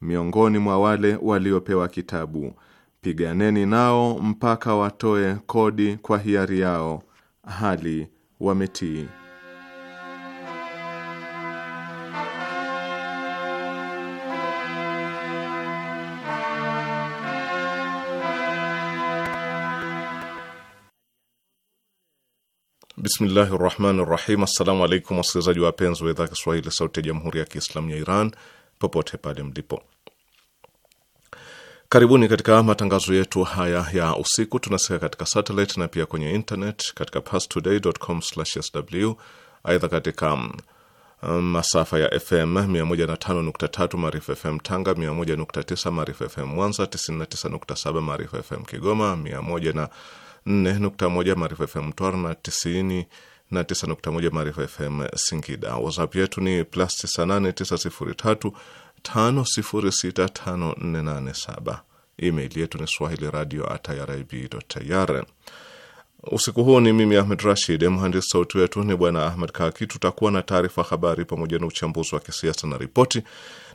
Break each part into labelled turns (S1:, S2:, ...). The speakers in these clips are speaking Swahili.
S1: miongoni mwa wale waliopewa kitabu, piganeni nao mpaka watoe kodi kwa hiari yao hali wametii. Bismillahi rahmani rahim. Assalamu alaikum wasikilizaji wapenzi wa idhaa Kiswahili sauti ya jamhuri ya Kiislamu ya Iran popote pale mlipo. Karibuni katika matangazo yetu haya ya usiku. Tunasikia katika satellite na pia kwenye internet katika pastoday.com/sw. Aidha, katika um, masafa ya FM 105.3 Maarifa FM Tanga, 101.9 Maarifa FM Mwanza, 99.7 Maarifa FM Kigoma, 104.1 Maarifa FM Mtwara na 90 na 9.1 Maarifa FM Singida. WhatsApp yetu ni plus 98 Email yetu ni swahili radio irib. Usiku huu ni mimi Ahmed Rashid. Mhandisi sauti wetu ni Bwana Ahmed Kaki. Tutakuwa na taarifa habari pamoja na uchambuzi wa kisiasa na ripoti.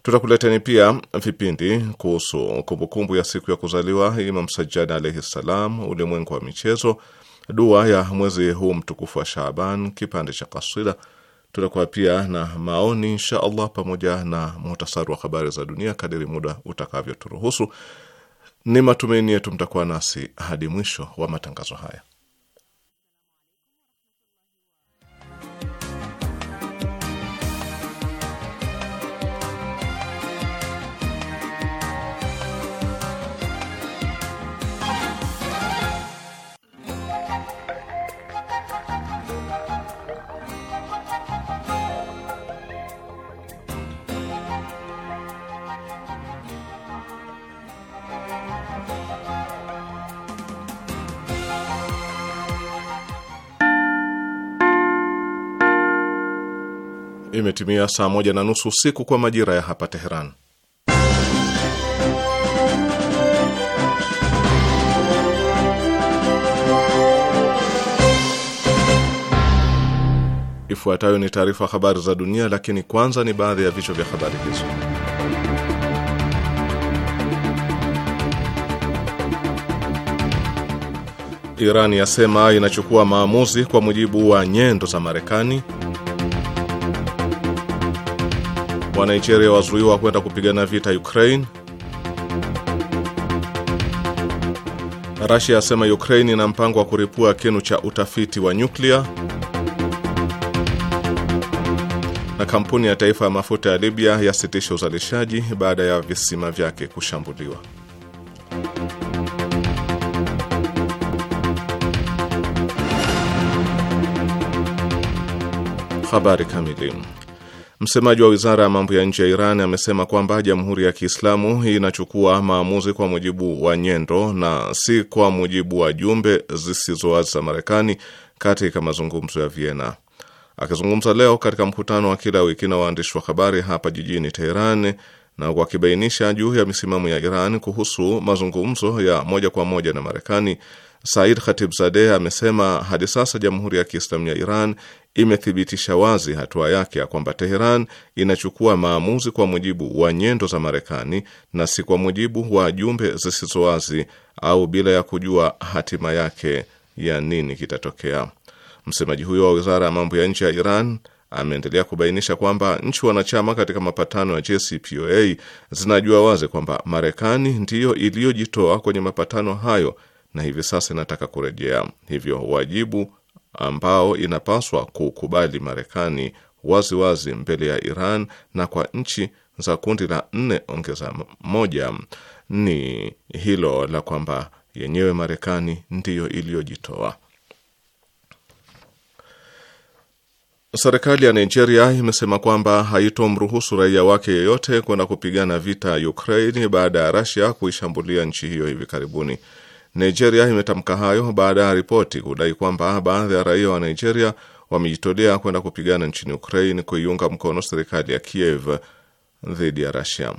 S1: Tutakuleteni pia vipindi kuhusu kumbukumbu ya siku ya kuzaliwa Imam Sajjad alaihi ssalam, ulimwengu wa michezo dua ya mwezi huu mtukufu wa Shaaban, kipande cha kasida. Tutakuwa pia na maoni insha Allah, pamoja na muhtasari wa habari za dunia kadiri muda utakavyoturuhusu. Ni matumaini yetu mtakuwa nasi hadi mwisho wa matangazo haya. Imetimia saa moja na nusu usiku kwa majira ya hapa Teheran. Ifuatayo ni taarifa habari za dunia, lakini kwanza ni baadhi ya vichwa vya habari hizo. Iran yasema inachukua maamuzi kwa mujibu wa nyendo za Marekani. Wanigeria wazuiwa kwenda kupigana vita Ukraine. Rasia asema Ukraine ina mpango wa kuripua kinu cha utafiti wa nyuklia. Na kampuni ya taifa ya mafuta ya Libya yasitisha uzalishaji baada ya visima vyake kushambuliwa. Habari kamili. Msemaji wa wizara ya mambo ya nje ya Iran amesema kwamba jamhuri ya Kiislamu inachukua maamuzi kwa mujibu wa nyendo na si kwa mujibu wa jumbe zisizowazi za Marekani katika mazungumzo ya Vienna. Akizungumza leo katika mkutano wa kila wiki na waandishi wa habari hapa jijini Teheran na wakibainisha juu ya misimamo ya Iran kuhusu mazungumzo ya moja kwa moja na Marekani, Said Khatibzadeh amesema hadi sasa Jamhuri ya Kiislamu ya Iran imethibitisha wazi hatua yake ya kwamba Teheran inachukua maamuzi kwa mujibu wa nyendo za Marekani na si kwa mujibu wa jumbe zisizo wazi au bila ya kujua hatima yake ya nini kitatokea. Msemaji huyo wa Wizara ya Mambo ya Nje ya Iran ameendelea kubainisha kwamba nchi wanachama katika mapatano ya JCPOA zinajua wazi kwamba Marekani ndiyo iliyojitoa kwenye mapatano hayo na hivi sasa inataka kurejea. Hivyo wajibu ambao inapaswa kukubali Marekani waziwazi mbele ya Iran na kwa nchi za kundi la nne ongeza moja ni hilo la kwamba yenyewe Marekani ndiyo iliyojitoa. Serikali ya Nigeria imesema kwamba haitomruhusu raia wake yeyote kwenda kupigana vita Ukraini baada ya Rasia kuishambulia nchi hiyo hivi karibuni. Nigeria imetamka hayo baada ya ripoti kudai kwamba baadhi ya raia wa Nigeria wamejitolea kwenda kupigana nchini Ukraine kuiunga mkono serikali ya Kiev dhidi ya rasia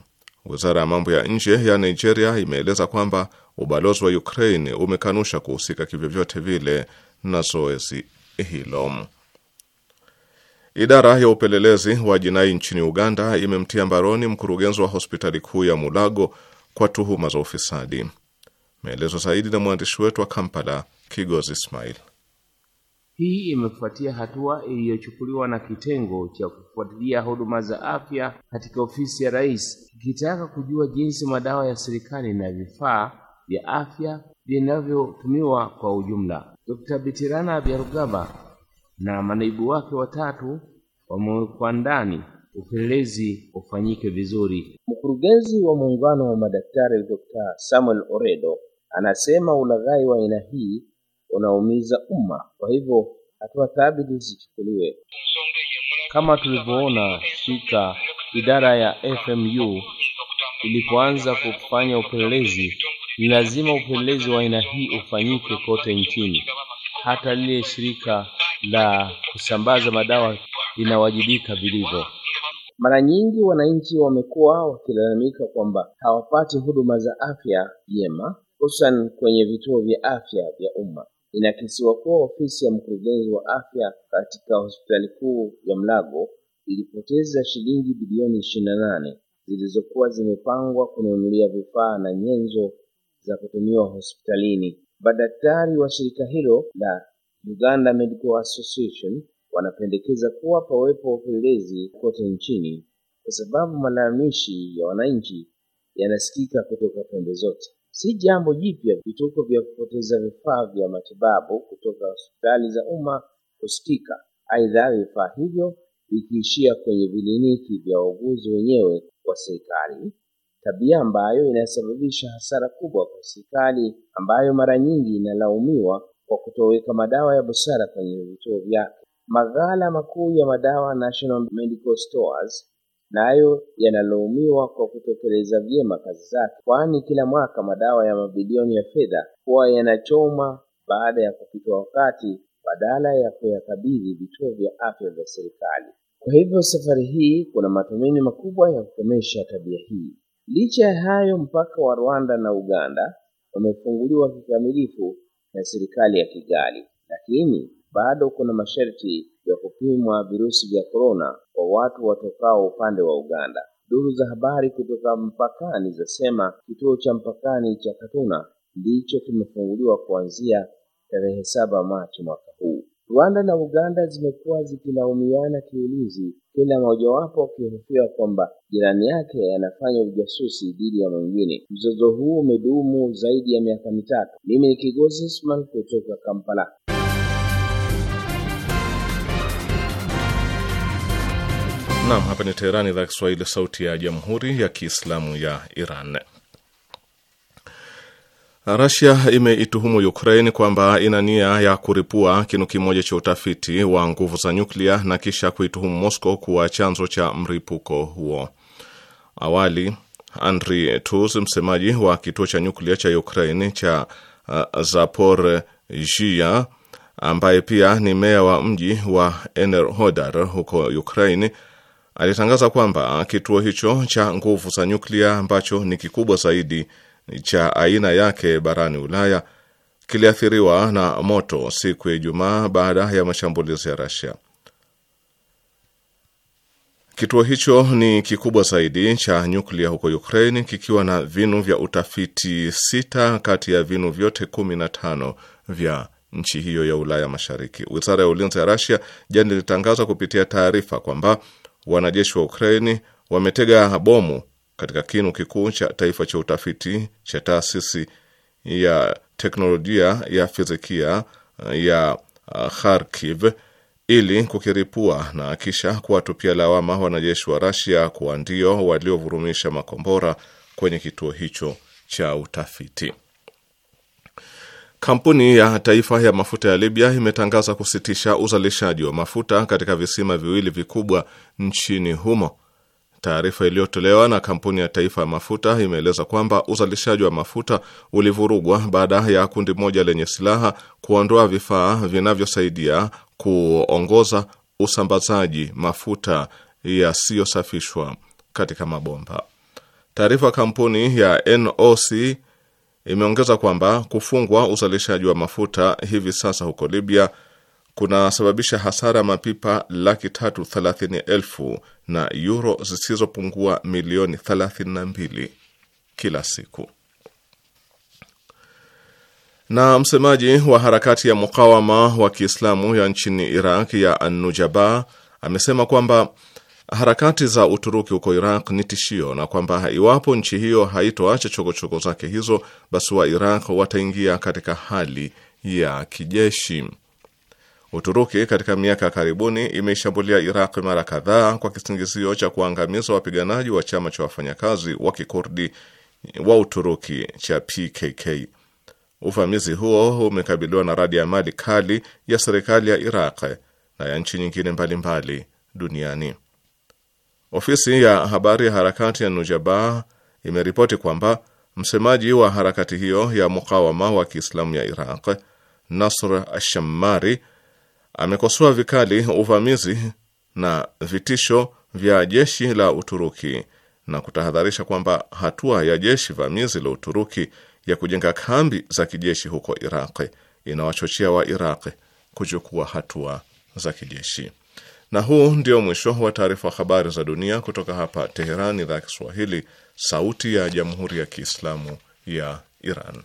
S1: Wizara ya mambo ya nje ya Nigeria imeeleza kwamba ubalozi wa Ukraine umekanusha kuhusika kivyovyote vile na zoezi hilo. Idara ya upelelezi wa jinai nchini Uganda imemtia mbaroni mkurugenzi wa hospitali kuu ya Mulago kwa tuhuma za ufisadi. Maelezo zaidi na mwandishi wetu wa Kampala, Kigozi Ismail.
S2: Hii imefuatia hatua iliyochukuliwa na kitengo cha kufuatilia huduma za afya katika ofisi ya rais, ikitaka kujua jinsi madawa ya serikali na vifaa vya afya vinavyotumiwa kwa ujumla. Dr. Bitirana Byarugaba na manaibu wake watatu wamewekwa ndani, upelelezi ufanyike vizuri. Mkurugenzi wa muungano wa madaktari Dr. Samuel Oredo Anasema ulaghai wa aina hii unaumiza umma, kwa hivyo hatua thabiti zichukuliwe. Kama tulivyoona spika, idara ya FMU ilipoanza kufanya upelelezi, ni lazima upelelezi wa aina hii ufanyike kote nchini. Hata lile shirika la kusambaza madawa linawajibika vilivyo. Mara nyingi wananchi wamekuwa wakilalamika kwamba hawapati huduma za afya jema hususan kwenye vituo vya afya vya umma. Inakisiwa kuwa ofisi ya mkurugenzi wa afya katika hospitali kuu ya Mlago ilipoteza shilingi bilioni ishirini na nane zilizokuwa zimepangwa kununulia vifaa na nyenzo za kutumiwa hospitalini. Madaktari wa shirika hilo la Uganda Medical Association wanapendekeza kuwa pawepo upelelezi kote nchini, kwa sababu malalamishi ya wananchi yanasikika kutoka pembe zote. Si jambo jipya vituko vya kupoteza vifaa vya matibabu kutoka hospitali za umma kusikika. Aidha, vifaa hivyo vikiishia kwenye viliniki vya wauguzi wenyewe wa serikali, tabia ambayo inasababisha hasara kubwa kwa serikali, ambayo mara nyingi inalaumiwa kwa kutoweka madawa ya busara kwenye vituo vyake. Maghala makuu ya madawa National Medical Stores nayo yanalaumiwa kwa kutekeleza vyema kazi zake, kwani kila mwaka madawa ya mabilioni ya fedha huwa yanachoma baada ya kupitwa wakati badala ya kuyakabidhi vituo vya afya vya serikali. Kwa hivyo safari hii kuna matumaini makubwa ya kukomesha tabia hii. Licha ya hayo, mpaka wa Rwanda na Uganda umefunguliwa kikamilifu na serikali ya Kigali, lakini bado kuna masharti ya kupimwa virusi vya korona kwa watu watokao upande wa Uganda. Duru za habari kutoka mpakani zasema kituo cha mpakani cha Katuna ndicho kimefunguliwa kuanzia tarehe saba Machi mwaka huu. Rwanda na Uganda zimekuwa zikilaumiana kiulizi, kila mojawapo akihofiwa kwamba jirani yake anafanya ujasusi dhidi ya mwingine. Mzozo huu umedumu zaidi ya miaka mitatu. Mimi ni Kigozi Usman kutoka Kampala.
S1: Naam, hapa ni Teherani, idhaa Kiswahili, sauti ya jamhuri ya kiislamu ya Iran. Rasia imeituhumu Ukraine kwamba ina nia ya kuripua kinu kimoja cha utafiti wa nguvu za nyuklia na kisha kuituhumu Moscow kuwa chanzo cha mripuko huo. Awali, Andri Tus, msemaji wa kituo cha nyuklia cha Ukraine cha uh, Zaporizhia ambaye pia ni meya wa mji wa Enerhodar huko Ukraine alitangaza kwamba kituo hicho cha nguvu za nyuklia ambacho ni kikubwa zaidi cha aina yake barani Ulaya kiliathiriwa na moto siku ya Ijumaa baada ya mashambulizi ya Russia. Kituo hicho ni kikubwa zaidi cha nyuklia huko Ukraine kikiwa na vinu vya utafiti sita kati ya vinu vyote kumi na tano vya nchi hiyo ya Ulaya Mashariki. Wizara ya ulinzi ya Russia jana ilitangaza kupitia taarifa kwamba wanajeshi wa Ukraini wametega bomu katika kinu kikuu cha taifa cha utafiti cha taasisi ya teknolojia ya fizikia eh, ya eh, Kharkiv ili kukiripua na kisha kuwatupia lawama wanajeshi wa Rasia kuwa ndio waliovurumisha makombora kwenye kituo hicho cha utafiti. Kampuni ya taifa ya mafuta ya Libya imetangaza kusitisha uzalishaji wa mafuta katika visima viwili vikubwa nchini humo. Taarifa iliyotolewa na kampuni ya taifa ya mafuta imeeleza kwamba uzalishaji wa mafuta ulivurugwa baada ya kundi moja lenye silaha kuondoa vifaa vinavyosaidia kuongoza usambazaji mafuta yasiyosafishwa katika mabomba. Taarifa kampuni ya NOC imeongeza kwamba kufungwa uzalishaji wa mafuta hivi sasa huko Libya kunasababisha hasara mapipa laki tatu thelathini elfu na yuro zisizopungua milioni 32 kila siku. Na msemaji wa harakati ya mukawama wa Kiislamu ya nchini Iraq ya anujaba amesema kwamba harakati za Uturuki huko Iraq ni tishio na kwamba iwapo nchi hiyo haitoacha chokochoko zake hizo, basi wa Iraq wataingia katika hali ya kijeshi. Uturuki katika miaka ya karibuni imeishambulia Iraq mara kadhaa kwa kisingizio cha kuangamiza wapiganaji wa chama cha wafanyakazi wa kikurdi wa Uturuki cha PKK. Uvamizi huo umekabiliwa na radi ya mali kali ya serikali ya Iraq na ya nchi nyingine mbalimbali mbali duniani. Ofisi ya habari ya harakati ya nujaba imeripoti kwamba msemaji wa harakati hiyo ya mukawama wa Kiislamu ya Iraq, Nasr Ashamari, amekosoa vikali uvamizi na vitisho vya jeshi la Uturuki na kutahadharisha kwamba hatua ya jeshi vamizi la Uturuki ya kujenga kambi za kijeshi huko Iraq inawachochea wa Iraq kuchukua hatua za kijeshi. Na huu ndio mwisho wa taarifa habari za dunia kutoka hapa Teherani, idhaa ya Kiswahili, sauti ya jamhuri ya kiislamu ya Iran.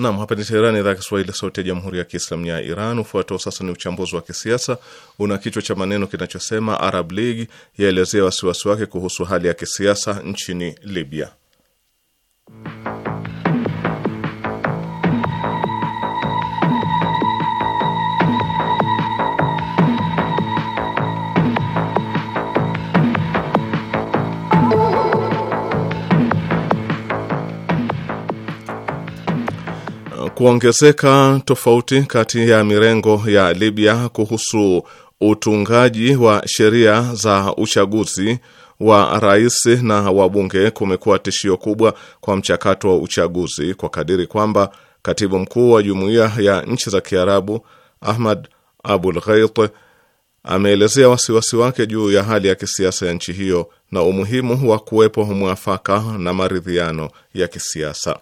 S1: Nam, hapa ni Teherani, idhaa ya Kiswahili, sauti ya jamhuri ya kiislamu ya Iran. Ufuatao sasa ni uchambuzi wa kisiasa una kichwa cha maneno kinachosema Arab League yaelezea wasiwasi wake kuhusu hali ya kisiasa nchini Libya. Kuongezeka tofauti kati ya mirengo ya Libya kuhusu utungaji wa sheria za uchaguzi wa rais na wabunge kumekuwa tishio kubwa kwa mchakato wa uchaguzi kwa kadiri kwamba katibu mkuu wa Jumuiya ya Nchi za Kiarabu Ahmad Abul Ghait ameelezea wasiwasi wake juu ya hali ya kisiasa ya nchi hiyo na umuhimu wa kuwepo mwafaka na maridhiano ya kisiasa.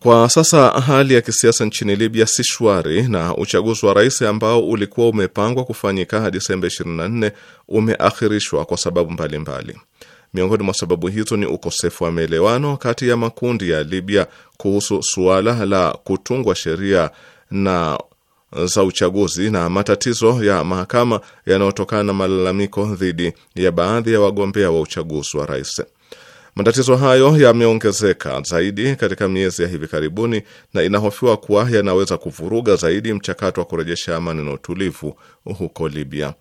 S1: Kwa sasa hali ya kisiasa nchini Libya si shwari na uchaguzi wa rais ambao ulikuwa umepangwa kufanyika disemba 24 umeakhirishwa kwa sababu mbalimbali mbali. Miongoni mwa sababu hizo ni ukosefu wa maelewano kati ya makundi ya Libya kuhusu suala la kutungwa sheria na za uchaguzi na matatizo ya mahakama yanayotokana na malalamiko dhidi ya baadhi ya wagombea wa uchaguzi wa rais. Matatizo hayo yameongezeka zaidi katika miezi ya hivi karibuni na inahofiwa kuwa yanaweza kuvuruga zaidi mchakato wa kurejesha amani na utulivu huko Libya.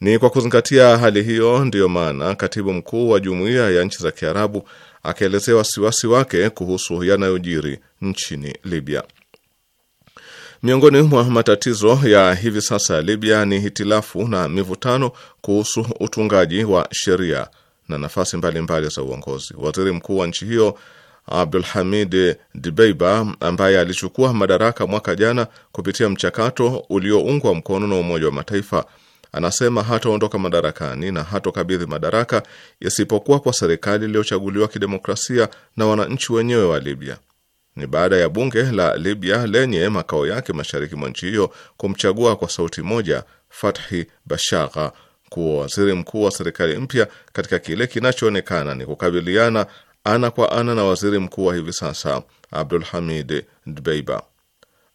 S1: Ni kwa kuzingatia hali hiyo ndiyo maana katibu mkuu wa Jumuiya ya Nchi za Kiarabu akaelezea wasiwasi wake kuhusu yanayojiri nchini Libya. Miongoni mwa matatizo ya hivi sasa ya Libya ni hitilafu na mivutano kuhusu utungaji wa sheria na nafasi mbalimbali mbali za uongozi. Waziri mkuu wa nchi hiyo Abdul Hamid Dibeiba ambaye alichukua madaraka mwaka jana kupitia mchakato ulioungwa mkono na Umoja wa Mataifa anasema hataondoka madarakani na hatokabidhi madaraka isipokuwa kwa serikali iliyochaguliwa kidemokrasia na wananchi wenyewe wa Libya. Ni baada ya bunge la Libya lenye makao yake mashariki mwa nchi hiyo kumchagua kwa sauti moja Fathi Bashagha kuwa waziri mkuu wa serikali mpya katika kile kinachoonekana ni kukabiliana ana kwa ana na waziri mkuu wa hivi sasa Abdul Hamid Dbeiba.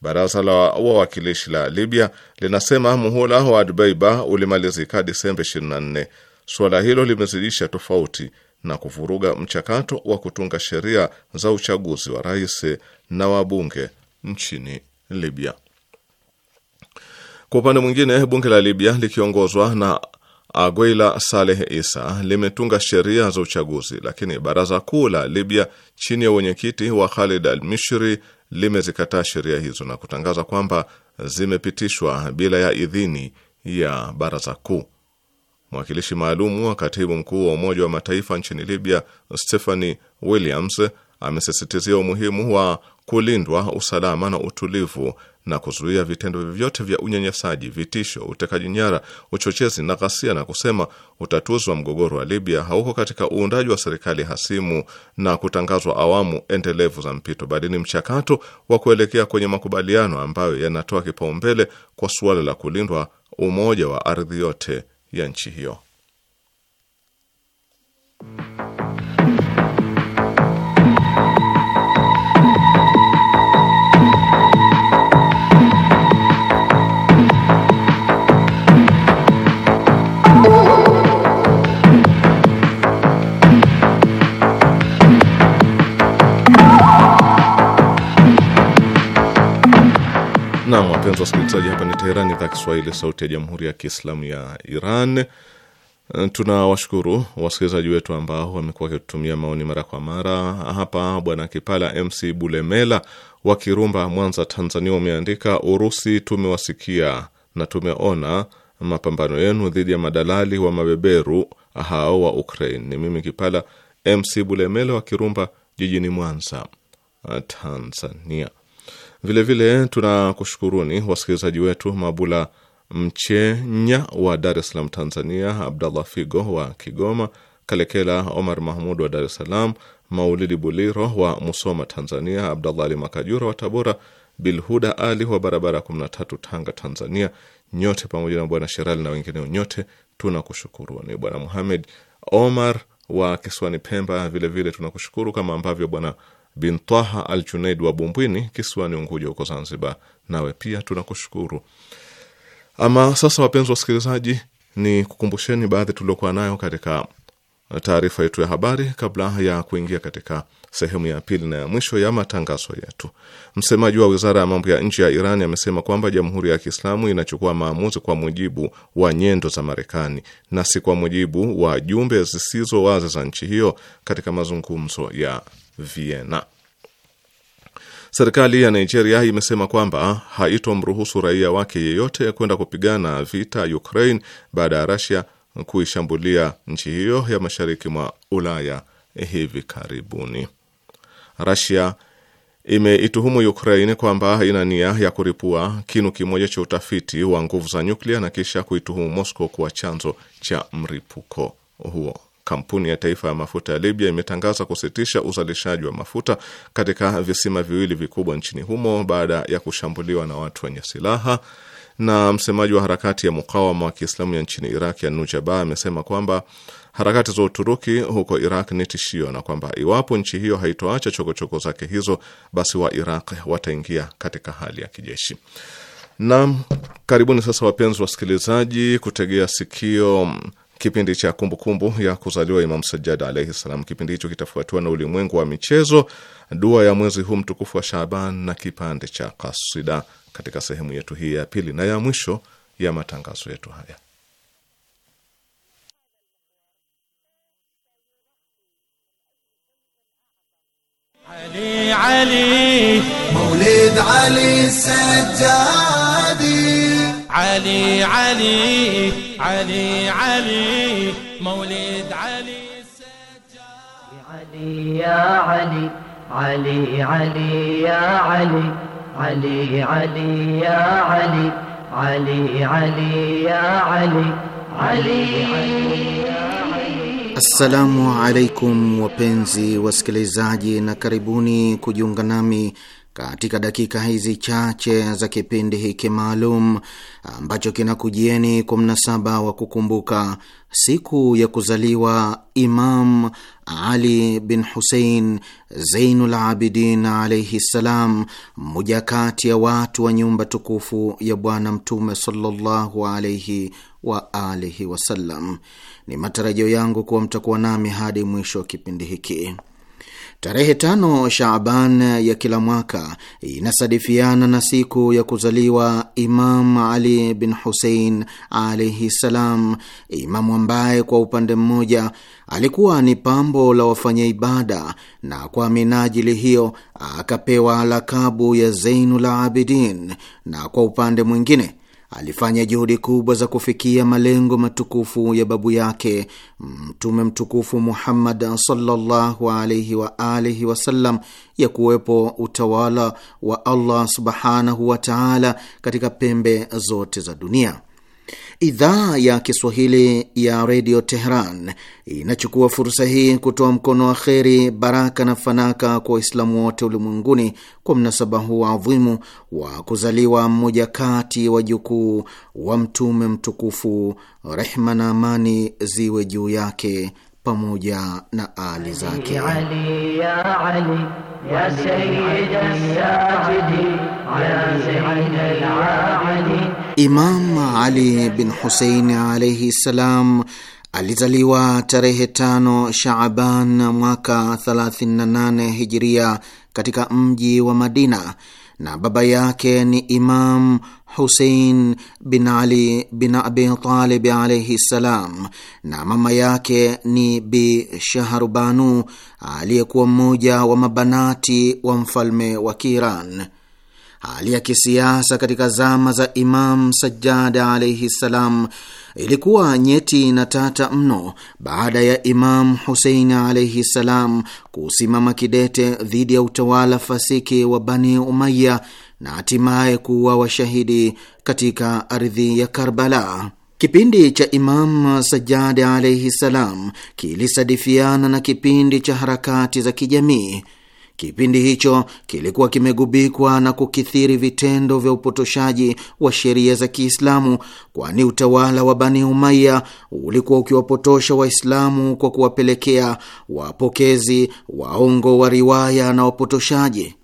S1: Baraza la wawakilishi la Libya linasema muhula wa Dbeiba ulimalizika Disemba 24. Suala hilo limezidisha tofauti na kuvuruga mchakato wa kutunga sheria za uchaguzi wa rais na wabunge nchini Libya. Kwa upande mwingine, bunge la Libya likiongozwa na Aguila Saleh Isa limetunga sheria za uchaguzi, lakini baraza kuu la Libya chini ya wenyekiti wa Khalid al-Mishri limezikataa sheria hizo na kutangaza kwamba zimepitishwa bila ya idhini ya baraza kuu. Mwakilishi maalumu wa katibu mkuu wa Umoja wa Mataifa nchini Libya, Stephanie Williams, amesisitizia umuhimu wa kulindwa usalama na utulivu na kuzuia vitendo vyovyote vya unyanyasaji, vitisho, utekaji nyara, uchochezi na ghasia, na kusema utatuzi wa mgogoro wa Libya hauko katika uundaji wa serikali hasimu na kutangazwa awamu endelevu za mpito, bali ni mchakato wa kuelekea kwenye makubaliano ambayo yanatoa kipaumbele kwa suala la kulindwa umoja wa ardhi yote ya nchi hiyo. wapenzi wasikilizaji, hapa ni Teherani, idhaa Kiswahili, sauti ya jamhuri ya kiislamu ya Iran. Tunawashukuru wasikilizaji wetu ambao wamekuwa wakitutumia maoni mara kwa mara. Hapa bwana Kipala MC Bulemela wa Kirumba, Mwanza, Tanzania, umeandika Urusi, tumewasikia na tumeona mapambano yenu dhidi ya madalali wa mabeberu hao wa Ukraine. Ni mimi Kipala MC Bulemela wa Kirumba, jijini Mwanza, Tanzania. Vilevile tunakushukuruni wasikilizaji wetu Mabula Mchenya wa Dar es Salaam, Tanzania, Abdallah Figo wa Kigoma, Kalekela Omar Mahmud wa Dar es Salaam, Maulidi Buliro wa Musoma, Tanzania, Abdallah Ali Makajura wa Tabora, Bilhuda Ali wa barabara tatu Tanga, Tanzania. Nyote pamoja na Bwana Sherali na wengineo nyote tunakushukuruni. Bwana Muhamed Omar wa Kisiwani Pemba vilevile tunakushukuru, kama ambavyo Bwana bin Twaha al Junaid wa Bumbwini, kisiwani Unguja huko Zanzibar. Nawe pia tunakushukuru. Ama sasa, wapenzi wasikilizaji, ni kukumbusheni baadhi tuliokuwa nayo katika uh, taarifa yetu ya habari kabla ya kuingia katika sehemu ya pili na ya mwisho ya matangazo yetu. Msemaji wa wizara ya mambo ya nje ya Iran amesema kwamba Jamhuri ya Kiislamu inachukua maamuzi kwa mujibu wa nyendo za Marekani na si kwa mujibu wa jumbe zisizo wazi za nchi hiyo katika mazungumzo ya Vienna. Serikali ya Nigeria imesema kwamba haitomruhusu raia wake yeyote kwenda kupigana vita Ukraine baada ya Russia kuishambulia nchi hiyo ya mashariki mwa Ulaya hivi karibuni. Russia imeituhumu Ukraine kwamba ina nia ya kuripua kinu kimoja cha utafiti wa nguvu za nyuklia na kisha kuituhumu Moscow kuwa chanzo cha mripuko huo kampuni ya taifa ya mafuta ya Libya imetangaza kusitisha uzalishaji wa mafuta katika visima viwili vikubwa nchini humo baada ya kushambuliwa na watu wenye silaha. Na msemaji wa harakati ya mukawama wa Kiislamu ya nchini Iraq ya Nujaba amesema kwamba harakati za Uturuki huko Iraq ni tishio na kwamba iwapo nchi hiyo haitoacha chokochoko zake hizo, basi wa Iraq wataingia katika hali ya kijeshi. Naam, karibuni sasa wapenzi wasikilizaji, kutegea sikio kipindi cha kumbukumbu kumbu ya kuzaliwa Imam Sajjad alaihi salam. Kipindi hicho kitafuatiwa na ulimwengu wa michezo, dua ya mwezi huu mtukufu wa Shaaban na kipande cha kasida katika sehemu yetu hii ya pili na ya mwisho ya matangazo yetu haya.
S3: Ali, Ali, Maulid Ali
S4: Sajjad
S3: علي علي علي علي مولد علي
S5: علي يا علي علي علي يا علي علي علي يا علي علي علي يا علي علي
S6: Assalamu alaikum wapenzi wasikilizaji, na karibuni kujiunga nami katika dakika hizi chache za kipindi hiki maalum ambacho kinakujieni kwa mnasaba wa kukumbuka siku ya kuzaliwa Imam Ali bin Husein Zeinul Abidin alaihi ssalam, mmoja kati ya watu wa nyumba tukufu ya Bwana Mtume sallallahu alaihi wa alihi wasallam. Ni matarajio yangu kuwa mtakuwa nami hadi mwisho wa kipindi hiki. Tarehe tano Shaaban ya kila mwaka inasadifiana na siku ya kuzaliwa Imam Ali bin Husein alaihi ssalam, imamu ambaye kwa upande mmoja alikuwa ni pambo la wafanya ibada na kwa minajili hiyo akapewa lakabu ya Zeinul Abidin, na kwa upande mwingine alifanya juhudi kubwa za kufikia malengo matukufu ya babu yake Mtume mtukufu Muhammad sallallahu alaihi wa alihi wasallam ya kuwepo utawala wa Allah subhanahu wa taala katika pembe zote za dunia. Idhaa ya Kiswahili ya Redio Teheran inachukua fursa hii kutoa mkono wa kheri, baraka na fanaka kwa Waislamu wote ulimwenguni kwa mnasaba huu adhimu wa kuzaliwa mmoja kati jukuu wa Mtume mtukufu, rehma na amani ziwe juu yake pamoja na ali zake. Imam Ali bin Husein alaihi ssalam alizaliwa tarehe tano Shaaban mwaka 38 hijiria katika mji wa Madina na baba yake ni Imam Husein bin Ali bin Abi Talib alaihi ssalam, na mama yake ni Bi Shahrubanu aliyekuwa mmoja wa mabanati wa mfalme wa Kiiran. Hali ya kisiasa katika zama za Imam Sajjad alaihi ssalam ilikuwa nyeti na tata mno baada ya imam husein alaihi ssalam kusimama kidete dhidi ya utawala fasiki wa Bani Umaya na hatimaye kuwa washahidi katika ardhi ya Karbala. Kipindi cha imam Sajadi alaihi ssalam kilisadifiana na kipindi cha harakati za kijamii Kipindi hicho kilikuwa kimegubikwa na kukithiri vitendo vya upotoshaji wa sheria za Kiislamu, kwani utawala wa Bani Umaya ulikuwa ukiwapotosha Waislamu kwa kuwapelekea wapokezi waongo wa riwaya na wapotoshaji.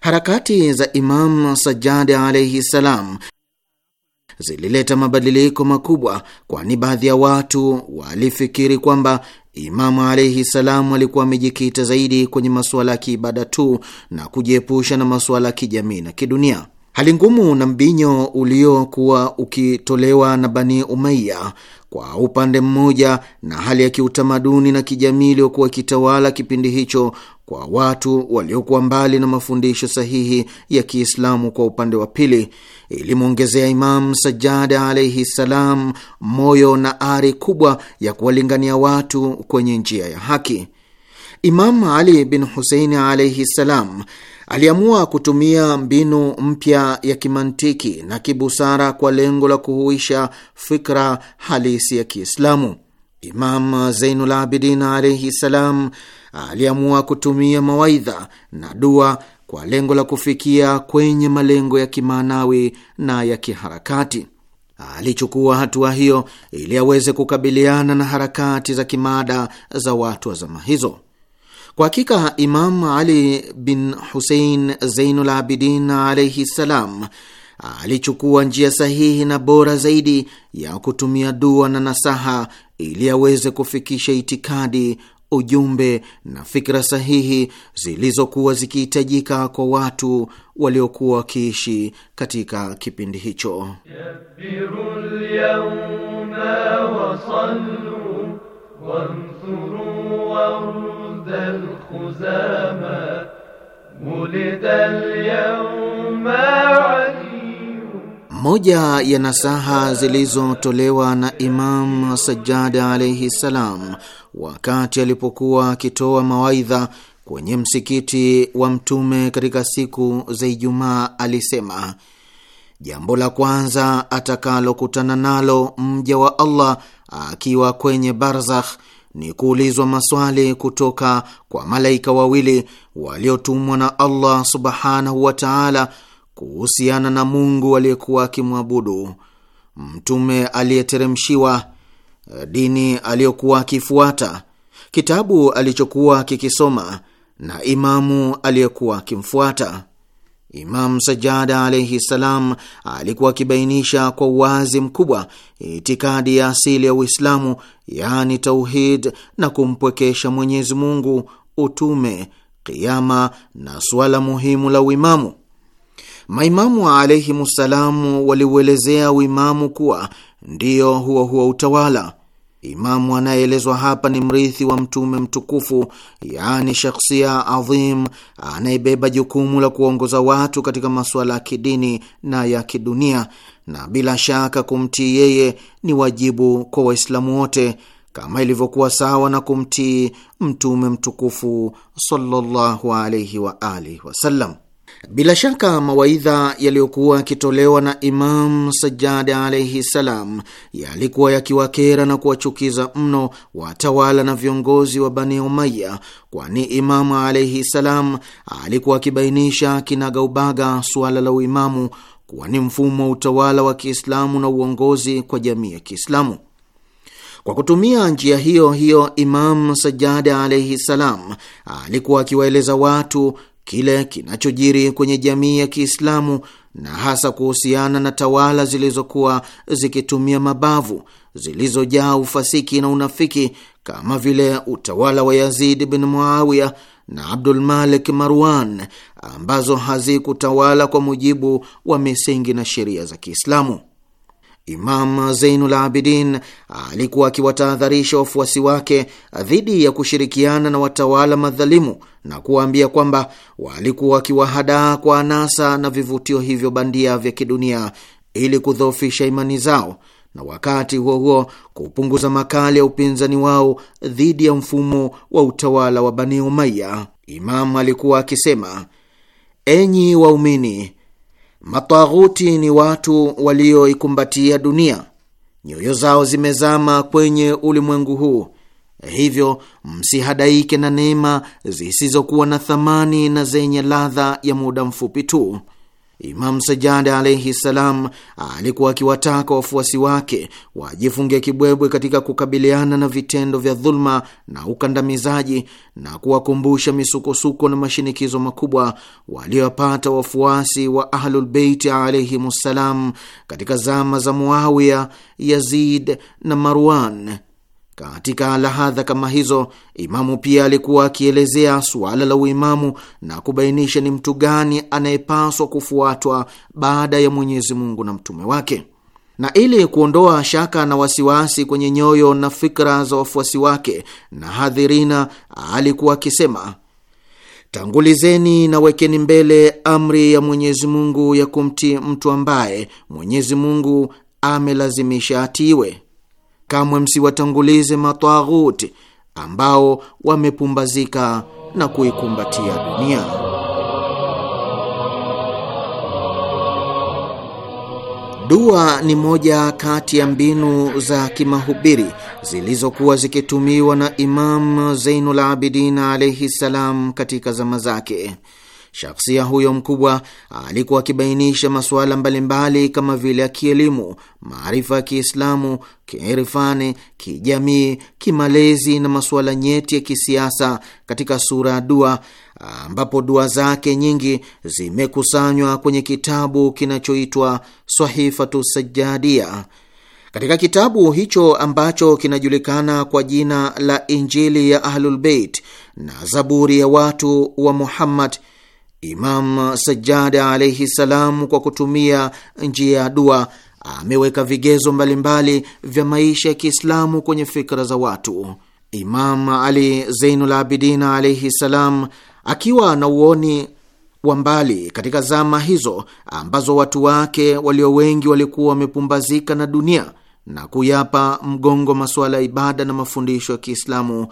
S6: Harakati za Imam sajadi alaihi salam zilileta mabadiliko makubwa, kwani baadhi ya watu walifikiri kwamba Imamu alaihi salamu alikuwa amejikita zaidi kwenye masuala ya kiibada tu na kujiepusha na masuala ya kijamii na kidunia. Hali ngumu na mbinyo uliokuwa ukitolewa na Bani Umaya kwa upande mmoja, na hali ya kiutamaduni na kijamii iliyokuwa ikitawala kipindi hicho kwa watu waliokuwa mbali na mafundisho sahihi ya Kiislamu kwa upande wa pili ilimwongezea Imam Sajjad alaihi ssalam moyo na ari kubwa ya kuwalingania watu kwenye njia ya haki. Imam Ali bin Husein alaihi ssalam aliamua kutumia mbinu mpya ya kimantiki na kibusara kwa lengo la kuhuisha fikra halisi ya Kiislamu. Imam Zeinul Abidin alaihi ssalam aliamua kutumia mawaidha na dua kwa lengo la kufikia kwenye malengo ya kimaanawi na ya kiharakati. Alichukua hatua hiyo ili aweze kukabiliana na harakati za kimaada za watu wa zama hizo. Kwa hakika Imam Ali bin Husein Zeinul Abidin alaihi ssalam alichukua njia sahihi na bora zaidi ya kutumia dua na nasaha ili aweze kufikisha itikadi ujumbe na fikra sahihi zilizokuwa zikihitajika kwa watu waliokuwa wakiishi katika kipindi hicho. Moja ya nasaha zilizotolewa na Imam Sajjad alaihi salam wakati alipokuwa akitoa mawaidha kwenye msikiti wa Mtume katika siku za Ijumaa alisema, jambo la kwanza atakalokutana nalo mja wa Allah akiwa kwenye barzakh ni kuulizwa maswali kutoka kwa malaika wawili waliotumwa na Allah subhanahu wa taala kuhusiana na Mungu aliyekuwa akimwabudu. Mtume aliyeteremshiwa dini aliyokuwa akifuata, kitabu alichokuwa kikisoma na imamu aliyekuwa akimfuata. Imamu Sajada alaihi salam alikuwa akibainisha kwa uwazi mkubwa itikadi ya asili ya Uislamu, yaani tauhid, na kumpwekesha Mwenyezi Mungu, utume, kiama na suala muhimu la uimamu. Maimamu alaihim ssalamu waliuelezea uimamu kuwa ndio huo huo utawala Imamu anayeelezwa hapa ni mrithi wa mtume mtukufu, yaani shakhsia adhim anayebeba jukumu la kuwaongoza watu katika masuala ya kidini na ya kidunia, na bila shaka kumtii yeye ni wajibu kwa Waislamu wote kama ilivyokuwa sawa na kumtii mtume mtukufu sallallahu alaihi wa alihi wasallam. Bila shaka mawaidha yaliyokuwa yakitolewa na Imam sajadi alaihi salam yalikuwa yakiwakera na kuwachukiza mno watawala na viongozi wa Bani Umaya, kwani Imamu alaihi salam alikuwa akibainisha kinaga ubaga suala la uimamu kuwa ni mfumo wa utawala wa Kiislamu na uongozi kwa jamii ya Kiislamu. Kwa kutumia njia hiyo hiyo, Imam sajadi alaihi salam alikuwa akiwaeleza watu kile kinachojiri kwenye jamii ya Kiislamu na hasa kuhusiana na tawala zilizokuwa zikitumia mabavu zilizojaa ufasiki na unafiki kama vile utawala wa Yazid bin Muawiya na Abdul Malik Marwan ambazo hazikutawala kwa mujibu wa misingi na sheria za Kiislamu. Imam Zeinul Abidin alikuwa akiwatahadharisha wafuasi wake dhidi ya kushirikiana na watawala madhalimu na kuwaambia kwamba walikuwa wakiwahadaa kwa anasa na vivutio hivyo bandia vya kidunia ili kudhoofisha imani zao na wakati huo huo kupunguza makali ya upinzani wao dhidi ya mfumo wa utawala wa Bani Umaya. Imam alikuwa akisema, enyi waumini Mataghuti ni watu walioikumbatia dunia, nyoyo zao zimezama kwenye ulimwengu huu. Hivyo msihadaike na neema zisizokuwa na thamani na zenye ladha ya muda mfupi tu. Imam Sajadi alaihi ssalam alikuwa akiwataka wafuasi wake wajifungia kibwebwe katika kukabiliana na vitendo vya dhuluma na ukandamizaji na kuwakumbusha misukosuko na mashinikizo makubwa waliopata wafuasi wa Ahlulbeiti alaihim katika zama za Muawiya, Yazid na Marwan. Katika lahadha kama hizo, imamu pia alikuwa akielezea suala la uimamu na kubainisha ni mtu gani anayepaswa kufuatwa baada ya Mwenyezi Mungu na mtume wake. Na ili kuondoa shaka na wasiwasi kwenye nyoyo na fikra za wafuasi wake na hadhirina, alikuwa akisema Tangulizeni na wekeni mbele amri ya Mwenyezi Mungu ya kumtii mtu ambaye Mwenyezi Mungu amelazimisha atiiwe kamwe msiwatangulize matwaghuti ambao wamepumbazika na kuikumbatia dunia. Dua ni moja kati ya mbinu za kimahubiri zilizokuwa zikitumiwa na Imam Zeinul Abidin alaihi ssalam katika zama zake. Shaksia huyo mkubwa alikuwa akibainisha masuala mbalimbali kama vile ya kielimu, maarifa ya Kiislamu, kiirfani, kijamii, kimalezi na masuala nyeti ya kisiasa katika sura ya dua, ambapo dua zake nyingi zimekusanywa kwenye kitabu kinachoitwa Sahifatu Sajadia. Katika kitabu hicho ambacho kinajulikana kwa jina la Injili ya Ahlulbeit na Zaburi ya watu wa Muhammad Imam Sajada alaihi salam, kwa kutumia njia ya dua ameweka vigezo mbalimbali vya maisha ya Kiislamu kwenye fikra za watu. Imam Ali Zeinul Abidina alaihi salam, akiwa na uoni wa mbali katika zama hizo ambazo watu wake walio wengi walikuwa wamepumbazika na dunia na kuyapa mgongo masuala ya ibada na mafundisho ya Kiislamu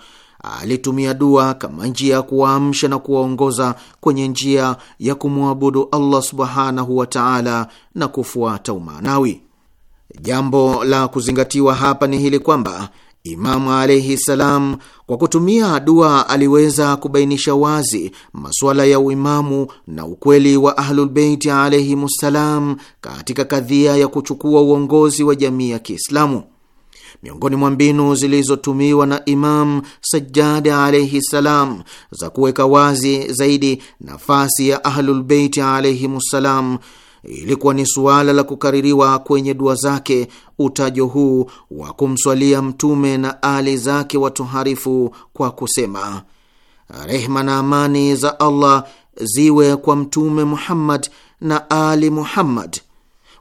S6: alitumia dua kama njia ya kuwaamsha na kuwaongoza kwenye njia ya kumwabudu Allah subhanahu wa taala na kufuata umaanawi. Jambo la kuzingatiwa hapa ni hili kwamba Imamu alaihi salam kwa kutumia dua aliweza kubainisha wazi masuala ya uimamu na ukweli wa Ahlulbeiti alaihim ssalam katika kadhia ya kuchukua uongozi wa jamii ya Kiislamu. Miongoni mwa mbinu zilizotumiwa na Imam Sajjadi alaihi ssalam za kuweka wazi zaidi nafasi ya Ahlulbeiti alaihimssalam ilikuwa ni suala la kukaririwa kwenye dua zake utajo huu wa kumswalia Mtume na ali zake watoharifu kwa kusema: rehma na amani za Allah ziwe kwa Mtume Muhammad na ali Muhammad.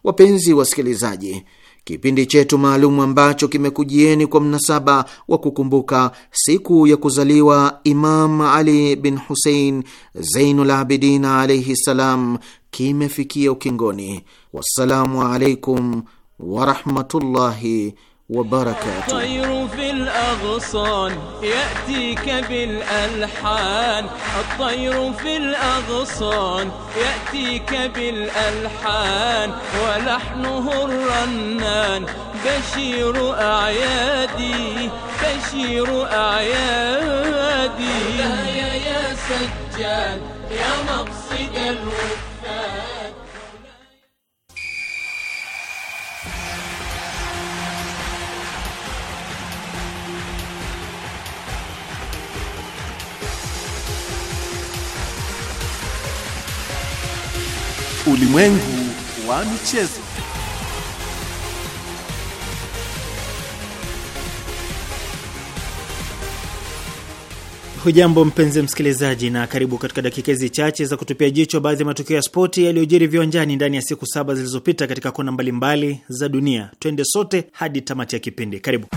S6: Wapenzi wasikilizaji kipindi chetu maalum ambacho kimekujieni kwa mnasaba wa kukumbuka siku ya kuzaliwa Imam Ali bin Husein Zainul Abidin alaihi ssalam kimefikia ukingoni. Wassalamu alaikum warahmatullahi وبركاته
S3: الطير في الأغصان يأتيك بالألحان الطير في الأغصان يأتيك بالألحان ولحنه الرنان بشير أعيادي بشير أعيادي يا سجاد
S4: يا مقصد
S3: الوفاء
S1: Ulimwengu wa michezo.
S7: Hujambo mpenzi msikilizaji, na karibu katika dakika hizi chache za kutupia jicho baadhi ya matukio ya spoti yaliyojiri viwanjani ndani ya siku saba zilizopita katika kona mbalimbali za dunia. Twende sote hadi tamati ya kipindi. Karibu.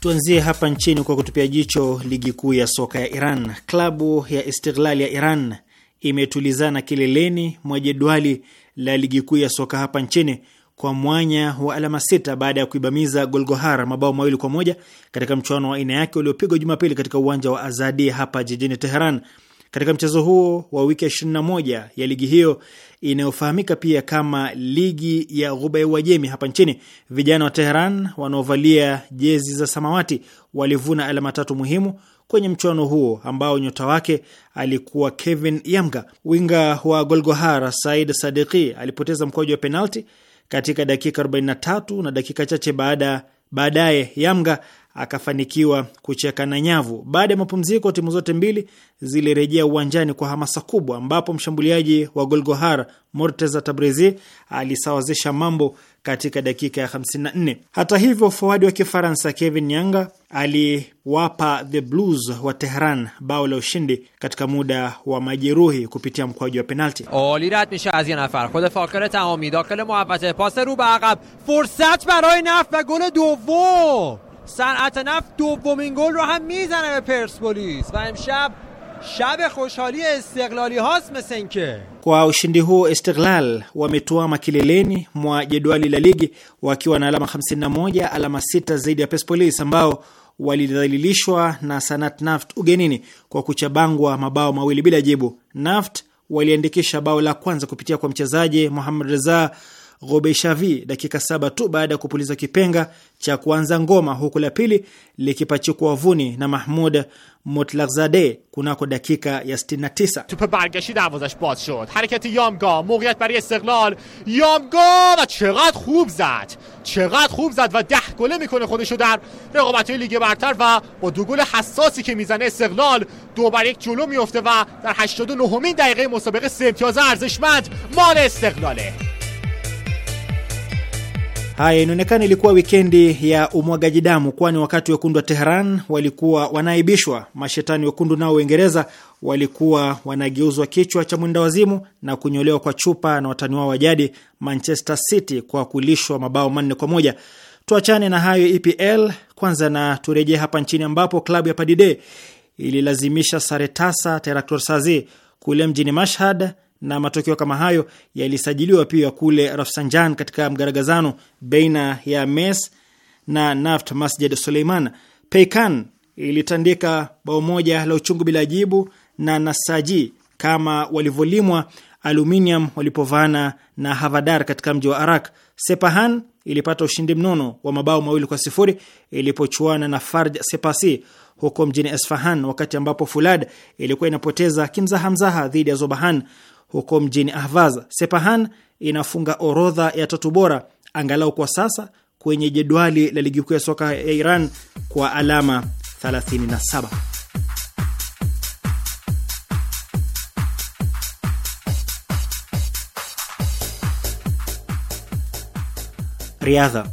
S7: Tuanzie hapa nchini kwa kutupia jicho ligi kuu ya soka ya Iran. Klabu ya istiklal ya Iran imetulizana kileleni mwa jedwali la ligi kuu ya soka hapa nchini kwa mwanya wa alama sita baada ya kuibamiza golgohar mabao mawili kwa moja katika mchuano wa aina yake uliopigwa Jumapili katika uwanja wa Azadi hapa jijini Teheran. Katika mchezo huo wa wiki 21 ya ligi hiyo inayofahamika pia kama ligi ya Ghuba ya Uajemi hapa nchini, vijana wa Teheran wanaovalia jezi za samawati walivuna alama tatu muhimu kwenye mchuano huo ambao nyota wake alikuwa Kevin Yamga. Winga wa Golgohara Said Sadiki alipoteza mkwaju wa penalti katika dakika 43 na dakika chache baada baadaye Yamga akafanikiwa kuchekana nyavu. Baada ya mapumziko, timu zote mbili zilirejea uwanjani kwa hamasa kubwa, ambapo mshambuliaji wa Golgohar Morteza Tabrizi alisawazisha mambo katika dakika ya 54. Hata hivyo, fawadi wa Kifaransa Kevin nyanga aliwapa the Blues wa Tehran bao la ushindi katika muda wa majeruhi kupitia mkwaju wa penalti. oli rad mishe az ye nafar khod fakir tamami dakhil muhabbate pas ru be aqab fursat baraye naft va gol dovom صنعت نفت دومین گل رو هم میزنه به پرسپولیس و امشب شب خوشحالی استقلالی هاست مثل اینکه kwa ushindi huo Istiglal wametuama kileleni mwa jedwali la ligi wakiwa na alama 51, alama 6 zaidi ya Persepolis ambao walidhalilishwa na Sanat Naft ugenini kwa kuchabangwa mabao mawili bila jibu. Naft waliandikisha bao la kwanza kupitia kwa mchezaji Muhammad Reza Gobeshavi dakika saba tu baada ya kupuliza kipenga cha kuanza ngoma, huku la pili likipachikwa wavuni na Mahmud Motlakzade kunako dakika ya 69. Tupe bargashti darvazash baz shod harakat yamga moghiyat bari istiqlal yamga va chegad khub zad chegad khub zad va 10 gole mikone khudesho dar raqabatay lige bartar va ba du gol hassasi ke mizane istiqlal دو بر یک جلو میفته و در 89 مین daqiqe مسابقه سه امتیاز ارزشمند مال استقلاله Haya, inaonekana ilikuwa wikendi ya umwagaji damu, kwani wakati wekundu wa Teheran walikuwa wanaaibishwa, mashetani wekundu nao Uingereza walikuwa wanageuzwa kichwa cha mwendawazimu na kunyolewa kwa chupa na watani wao wa jadi Manchester City kwa kulishwa mabao manne kwa moja. Tuachane na hayo EPL kwanza na turejee hapa nchini ambapo klabu ya Padide ililazimisha sare tasa Teraktor Sazi kule mjini Mashhad na matokeo kama hayo yalisajiliwa pia kule Rafsanjan katika mgaragazano baina ya MES na Naft Masjid Suleiman. Peikan ilitandika bao moja la uchungu bila jibu na Nasaji kama walivyolimwa Aluminium walipovaana na Havadar katika mji wa Arak. Sepahan ilipata ushindi mnono wa mabao mawili kwa sifuri ilipochuana na Farj Sepasi huko mjini Esfahan, wakati ambapo Fulad ilikuwa inapoteza kimzahamzaha dhidi ya Zobahan huko mjini Ahvaz. Sepahan inafunga orodha ya tatu bora angalau kwa sasa kwenye jedwali la ligi kuu ya soka ya Iran kwa alama 37. Riadha.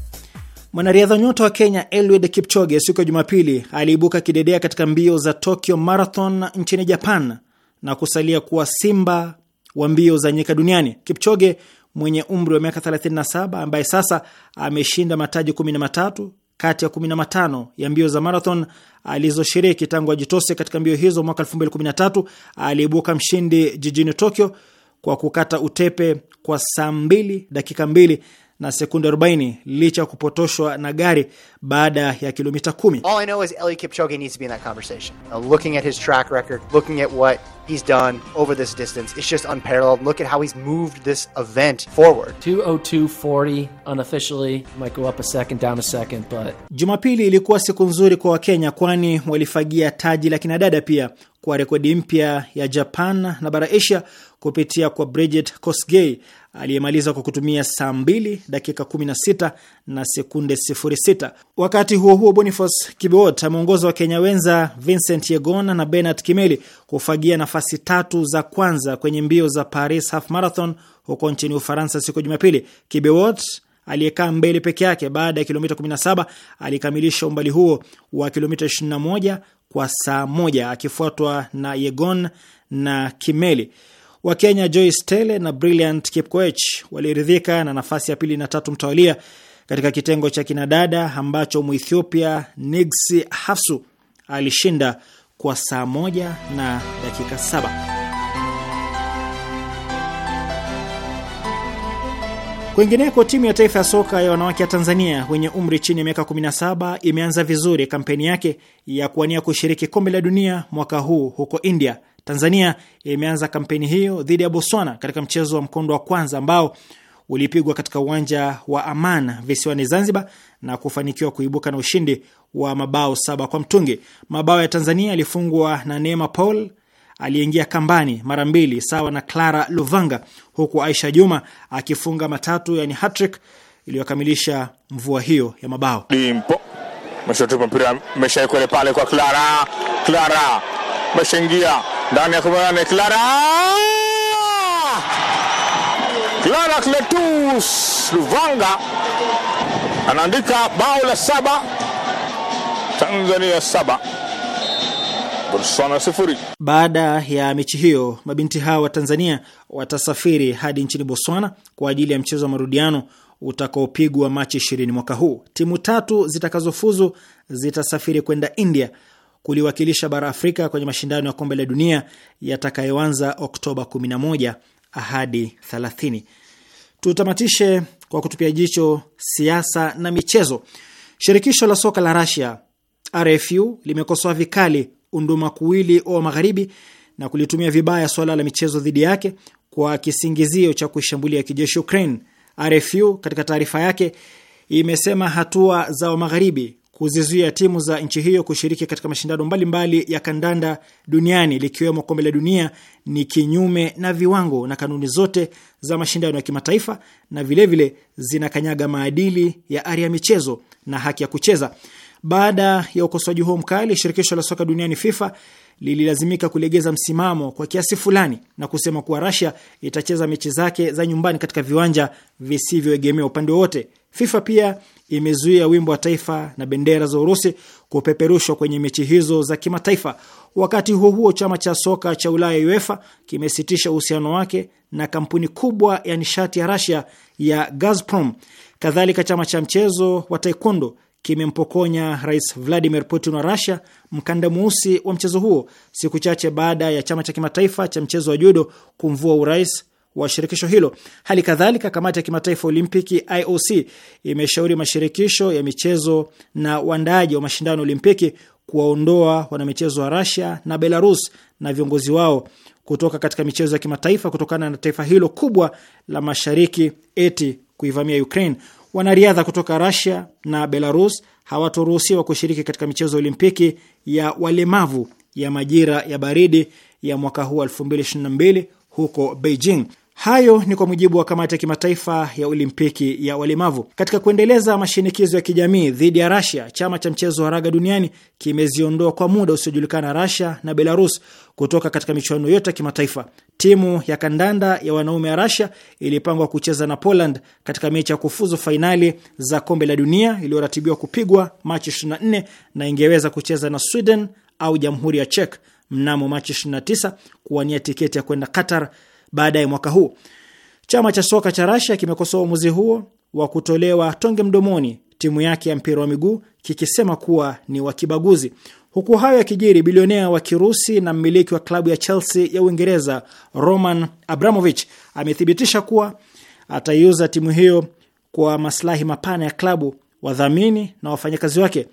S7: Mwanariadha nyota wa Kenya Eliud Kipchoge siku ya Jumapili aliibuka kidedea katika mbio za Tokyo Marathon nchini Japan na kusalia kuwa simba wa mbio za nyika duniani. Kipchoge mwenye umri wa miaka 37 ambaye sasa ameshinda mataji 13 kati ya 15 ya mbio za marathon alizoshiriki tangu ajitose katika mbio hizo mwaka 2013, aliibuka mshindi jijini Tokyo kwa kukata utepe kwa saa 2 dakika 2 na sekunde 40 licha ya kupotoshwa na gari baada ya kilomita 10
S6: he's done over this distance. It's just unparalleled. Look at how he's moved
S7: this event forward. 202.40 unofficially might go up a second, down a second, but Jumapili ilikuwa siku nzuri kwa Wakenya kwani walifagia taji la kinadada pia kwa rekodi mpya ya Japan na bara Asia kupitia kwa Bridget Kosgei aliyemaliza kwa kutumia saa 2 dakika 16 na sekunde 06. Wakati huo huo, Boniface Kibiwot ameongoza Wakenya wenza Vincent Yegona na Bernard Kimeli kufagia nafasi tatu za kwanza kwenye mbio za Paris Half Marathon huko nchini Ufaransa siku ya Jumapili. Kibiwot aliyekaa mbele peke yake baada ya kilomita 17 alikamilisha umbali huo wa kilomita 21 kwa saa moja akifuatwa na Yegon na Kimeli wa kenya Joyce Tele na Brilliant Kipkoech waliridhika na nafasi ya pili na tatu mtawalia katika kitengo cha kinadada ambacho muethiopia Nigsi Hafsu alishinda kwa saa moja na dakika saba. Kwingineko, timu ya taifa ya soka ya wanawake ya Tanzania wenye umri chini ya miaka 17 imeanza vizuri kampeni yake ya kuwania kushiriki kombe la dunia mwaka huu huko India Tanzania imeanza kampeni hiyo dhidi ya Botswana katika mchezo wa mkondo wa kwanza ambao ulipigwa katika uwanja wa Amana visiwani Zanzibar na kufanikiwa kuibuka na ushindi wa mabao saba kwa mtungi. Mabao ya Tanzania yalifungwa na Neema Paul aliyeingia kambani mara mbili sawa na Clara Luvanga, huku Aisha Juma akifunga matatu, yani hatrick iliyokamilisha mvua hiyo ya mabao.
S1: Dimpo meshotupa mpira, meshaekele pale kwa Clara. Clara meshaingia ndani ya kumi nane Clara Clara Cletus Luvanga anaandika
S5: bao
S7: la saba, Tanzania saba Botswana sifuri. Baada ya mechi hiyo, mabinti hawa wa Tanzania watasafiri hadi nchini Botswana kwa ajili ya mchezo wa marudiano utakaopigwa Machi 20 mwaka huu. Timu tatu zitakazofuzu zitasafiri kwenda India kuliwakilisha bara Afrika kwenye mashindano ya kombe la dunia yatakayoanza Oktoba 11 hadi 30. Tutamatishe kwa kutupia jicho siasa na michezo. Shirikisho la soka la Russia RFU limekosoa vikali unduma kuwili wa magharibi na kulitumia vibaya swala la michezo dhidi yake kwa kisingizio cha kuishambulia kijeshi Ukraine. RFU katika taarifa yake imesema hatua za wa magharibi kuzizuia timu za nchi hiyo kushiriki katika mashindano mbalimbali ya kandanda duniani likiwemo kombe la dunia ni kinyume na viwango na kanuni zote za mashindano ya kimataifa na vilevile zinakanyaga maadili ya ari ya michezo na haki ya kucheza. Baada ya ukosoaji huo mkali, shirikisho la soka duniani FIFA lililazimika kulegeza msimamo kwa kiasi fulani na kusema kuwa Russia itacheza mechi zake za nyumbani katika viwanja visivyoegemea upande wowote. FIFA pia imezuia wimbo wa taifa na bendera za Urusi kupeperushwa kwenye mechi hizo za kimataifa. Wakati huo huo, chama cha soka cha Ulaya UEFA kimesitisha uhusiano wake na kampuni kubwa ya nishati ya Russia ya Gazprom. Kadhalika, chama cha mchezo wa taekwondo kimempokonya Rais Vladimir Putin wa Russia mkanda mweusi wa mchezo huo siku chache baada ya chama cha kimataifa cha mchezo wa judo kumvua urais wa shirikisho hilo. Hali kadhalika, kamati ya kimataifa Olimpiki IOC imeshauri mashirikisho ya michezo na uandaaji wa mashindano Olimpiki kuwaondoa wanamichezo wa rusia na Belarus na viongozi wao kutoka katika michezo ya kimataifa kutokana na taifa hilo kubwa la mashariki eti kuivamia Ukraine. Wanariadha kutoka rusia na Belarus hawatoruhusiwa kushiriki katika michezo ya Olimpiki ya walemavu ya majira ya baridi ya mwaka huu 2022 huko Beijing. Hayo ni kwa mujibu wa kamati ya kimataifa ya olimpiki ya walemavu. Katika kuendeleza mashinikizo ya kijamii dhidi ya Rasia, chama cha mchezo wa raga duniani kimeziondoa kwa muda usiojulikana Rasia na Belarus kutoka katika michuano yote ya kimataifa. Timu ya kandanda ya wanaume ya Rasia ilipangwa kucheza na Poland katika mechi ya kufuzu fainali za kombe la dunia iliyoratibiwa kupigwa Machi 24 na ingeweza kucheza na Sweden au jamhuri ya Czech mnamo Machi 29 kuwania tiketi ya kwenda Qatar baadaye mwaka huu. Chama cha soka cha Rasia kimekosoa uamuzi huo wa kutolewa tonge mdomoni timu yake ya mpira wa miguu kikisema kuwa ni wakibaguzi. Huku hayo yakijiri, bilionea wa Kirusi na mmiliki wa klabu ya Chelsea ya Uingereza Roman Abramovich amethibitisha kuwa ataiuza timu hiyo kwa maslahi mapana ya klabu, wadhamini na wafanyakazi wake.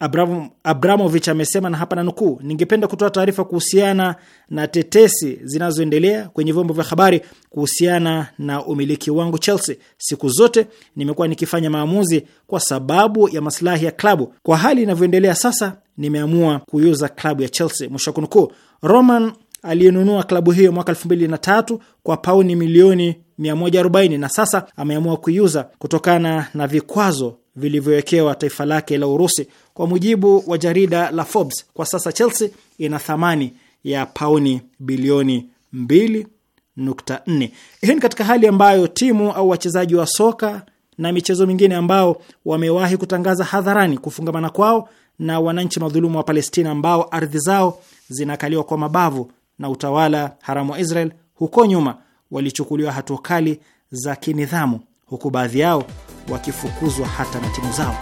S7: Abram, Abramovich amesema na hapa nanukuu, ningependa kutoa taarifa kuhusiana na tetesi zinazoendelea kwenye vyombo vya habari kuhusiana na umiliki wangu Chelsea. Siku zote nimekuwa nikifanya maamuzi kwa sababu ya maslahi ya klabu. Kwa hali inavyoendelea sasa, nimeamua kuiuza klabu ya Chelsea, mwisho wa kunukuu. Roman aliyenunua klabu hiyo mwaka tatu kwa pauni milioni 140 na sasa ameamua kuiuza kutokana na vikwazo vilivyowekewa taifa lake la Urusi. Kwa mujibu wa jarida la Forbes, kwa sasa Chelsea ina thamani ya pauni bilioni 2.4. Hii ni katika hali ambayo timu au wachezaji wa soka na michezo mingine ambao wamewahi kutangaza hadharani kufungamana kwao na wananchi madhulumu wa Palestina ambao ardhi zao zinakaliwa kwa mabavu na utawala haramu wa Israel, huko nyuma walichukuliwa hatua kali za kinidhamu, huku baadhi yao wakifukuzwa hata na timu zao.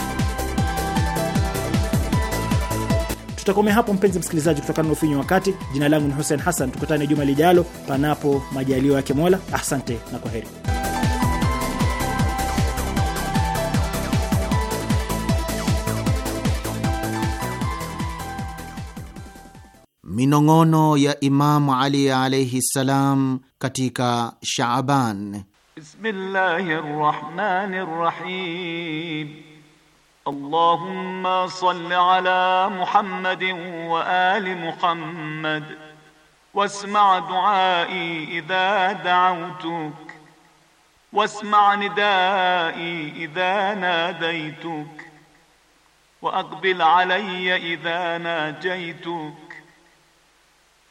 S7: Tutakomea hapo mpenzi msikilizaji, kutokana na ufinyu wakati. Jina langu ni Hussein Hassan, tukutane juma lijalo, panapo majalio yake Mola. Asante na kwa heri.
S6: Minong'ono ya Imamu Ali alaihi salam katika Shaaban.
S8: بسم الله الرحمن الرحيم اللهم صل على محمد وآل محمد واسمع دعائي إذا دعوتك واسمع ندائي إذا ناديتك وأقبل علي إذا ناجيتك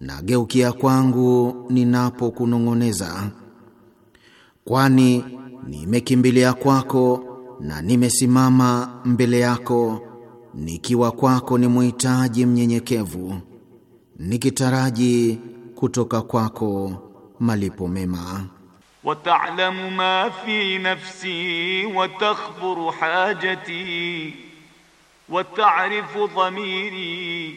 S6: nageukia kwangu ninapokunong'oneza, kwani nimekimbilia kwako na nimesimama mbele yako nikiwa kwako ni muhitaji mnyenyekevu, nikitaraji kutoka kwako malipo mema.
S8: wataalamu ma fi nafsi wa takhburu hajati wa ta'rifu dhamiri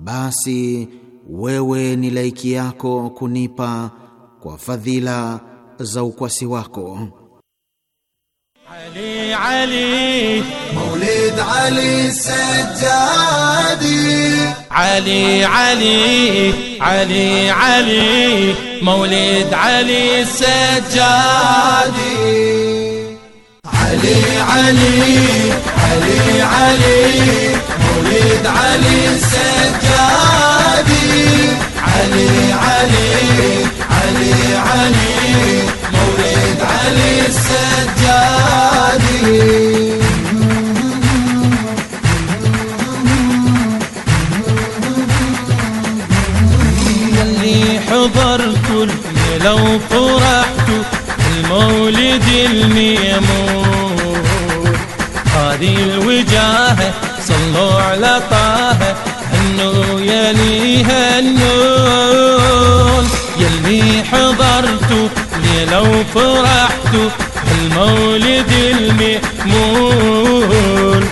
S6: basi wewe ni laiki yako kunipa kwa fadhila za ukwasi wako.
S3: Ali, Ali, Maulid Ali Sajjadi Ali, Ali, Ali, Ali, Maulid Ali Sajjadi Ali, Ali, Ali, Ali, Maulid Ali Sajjadi علي علي علي علي علي
S4: مولد علي السجادي
S3: اللي حضرت اللي لو فرحت المولد الميمون هذه الوجاهه صلوا على طه هنو يا لي هنون يا اللي حضرتوا ليلة وفرحتوا المولد المأمون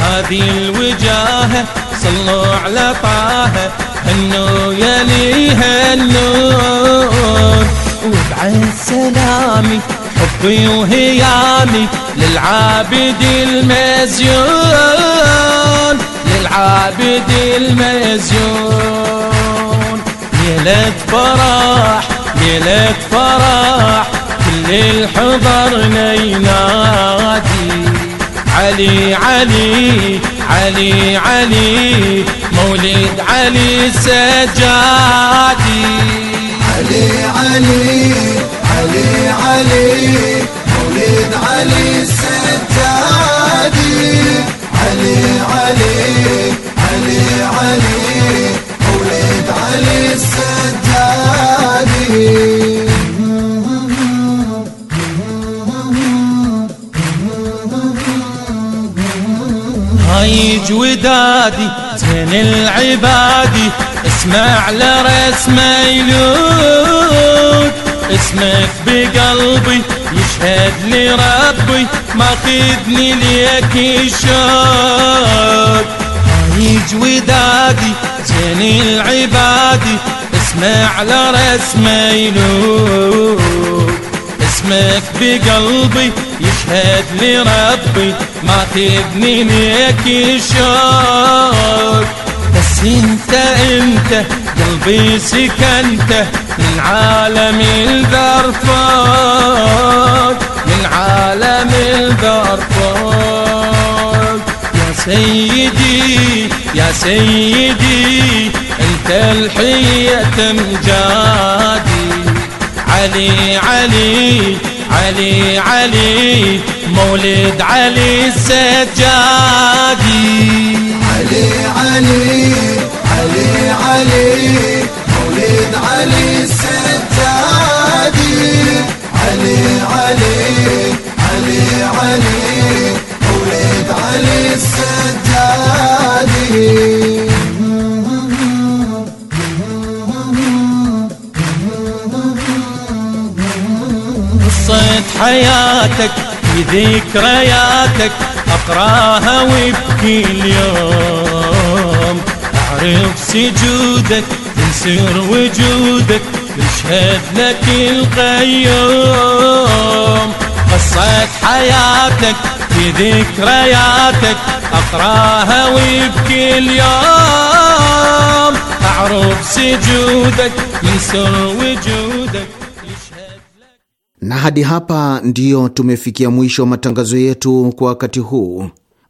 S3: هذه الوجاهة صلوا على طه هنو يا لي هنون وابعد سلامي حبي وهيامي للعابد المزيون العابد المزيون ليلة فرح ليلة فرح كل الحضر نينادي علي علي علي علي مولد علي السجادي علي علي علي علي
S4: مولد علي السجادي علي علي علي علي مولد علي السجادي
S3: هايج ودادي زين العبادي اسمع لرسم يلود اسمك بقلبي اشهد لي ربي ما قيدني ليك شوك هيج ودادي تاني العبادي اسمع لرسم يلوك اسمك بقلبي يشهد لي ربي ما تبني ليك شوك بس انت انت قلبي سكنته من عالم الذرفات من عالم الذرفات يا سيدي يا سيدي انت الحية مجادي علي علي علي علي مولد علي السجادي علي علي علي علي مولد
S4: علي السجادي علي علي علي علي مولد علي السجادي
S3: قصة حياتك في ذكرياتك أقراها وابكي اليوم نعرف سجودك نسير وجودك نشهد لك القيوم قصة حياتك في ذكرياتك أقراها ويبكي اليوم أعرف سجودك من سر وجودك
S6: na hadi hapa ndiyo tumefikia mwisho wa matangazo yetu kwa wakati huu.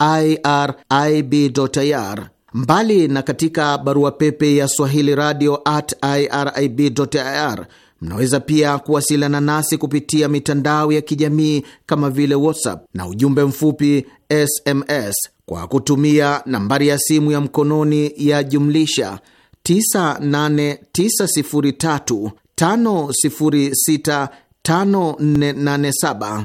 S6: irib.ir, mbali na katika barua pepe ya swahili radio at irib.ir. Mnaweza pia kuwasiliana nasi kupitia mitandao ya kijamii kama vile WhatsApp na ujumbe mfupi SMS kwa kutumia nambari ya simu ya mkononi ya jumlisha 989035065487.